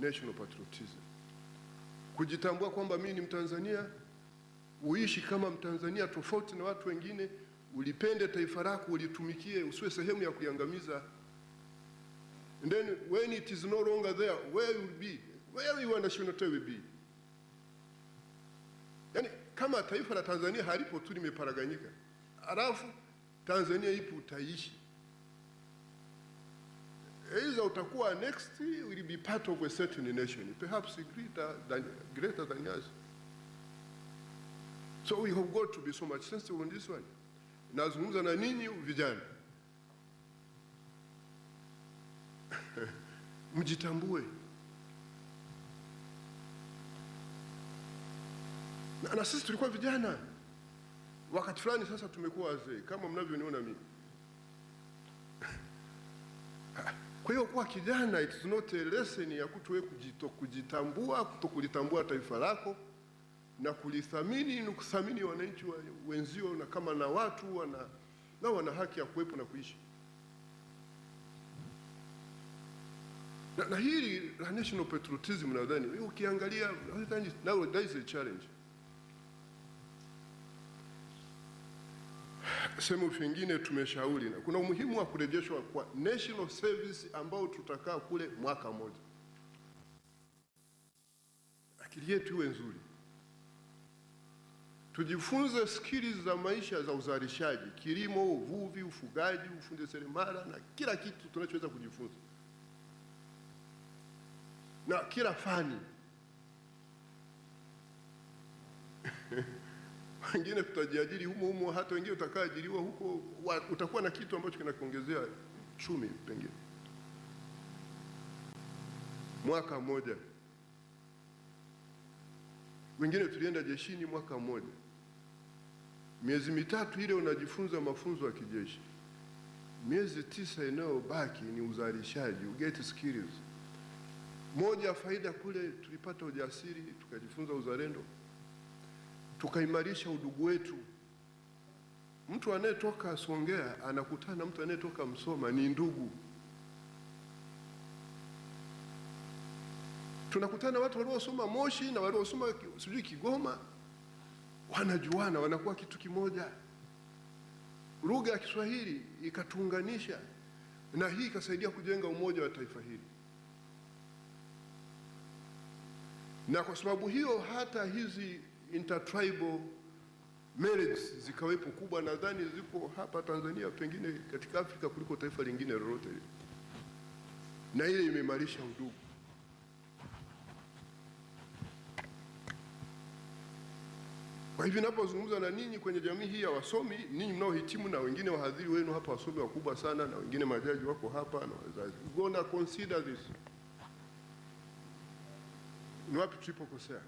national patriotism, kujitambua kwamba mimi ni Mtanzania, uishi kama Mtanzania tofauti na watu wengine, ulipende taifa lako, ulitumikie, usiwe sehemu ya kuiangamiza. And then when it is no longer there where you will be where your nationality will be. Yani, kama taifa la Tanzania halipo tu limeparaganyika, alafu Tanzania ipo utaishi either utakuwa next will be part of a certain nation perhaps greater than, greater than yours so we have got to be so much sensitive on this one nazungumza na ninyi vijana mjitambue na, na sisi tulikuwa vijana wakati fulani sasa tumekuwa wazee kama mnavyoniona mimi Kwa hiyo kwa kijana, it's not a lesson ya kutowe kujito kujitambua, kujitambua taifa lako na kulithamini na kuthamini wananchi wenzio, na kama na watu wana na wana haki ya kuwepo na kuishi na, na hili la national patriotism nadhani ukiangalia, that is a challenge sehemu vingine tumeshauri, na kuna umuhimu wa kurejeshwa kwa national service ambao tutakaa kule mwaka mmoja. Akili yetu iwe nzuri, tujifunze skills za maisha za uzalishaji, kilimo, uvuvi, ufugaji, ufundi seremala na kila kitu tunachoweza kujifunza na kila fani wengine tutajiajiri humo humo, hata wengine utakaajiriwa huko wa, utakuwa na kitu ambacho kinakuongezea chumi pengine. Mwaka mmoja wengine tulienda jeshini mwaka mmoja, miezi mitatu ile unajifunza mafunzo ya kijeshi, miezi tisa inayobaki ni uzalishaji, get skills. Moja faida kule tulipata ujasiri, tukajifunza uzalendo tukaimarisha udugu wetu. Mtu anayetoka Songea anakutana mtu anayetoka Msoma ni ndugu. Tunakutana watu waliosoma Moshi na waliosoma sijui Kigoma, wanajuana, wanakuwa kitu kimoja. Lugha ya Kiswahili ikatuunganisha, na hii ikasaidia kujenga umoja wa taifa hili. Na kwa sababu hiyo hata hizi intertribal marriage zikawepo kubwa, nadhani zipo hapa Tanzania, pengine katika Afrika kuliko taifa lingine lolote, na ile imeimarisha udugu. Kwa hivyo ninapozungumza na ninyi kwenye jamii hii ya wasomi, ninyi mnaohitimu na wengine wahadhiri wenu hapa, wasomi wakubwa sana, na wengine majaji wako hapa na wazazi, gonna consider this. Ni wapi tulipokosea?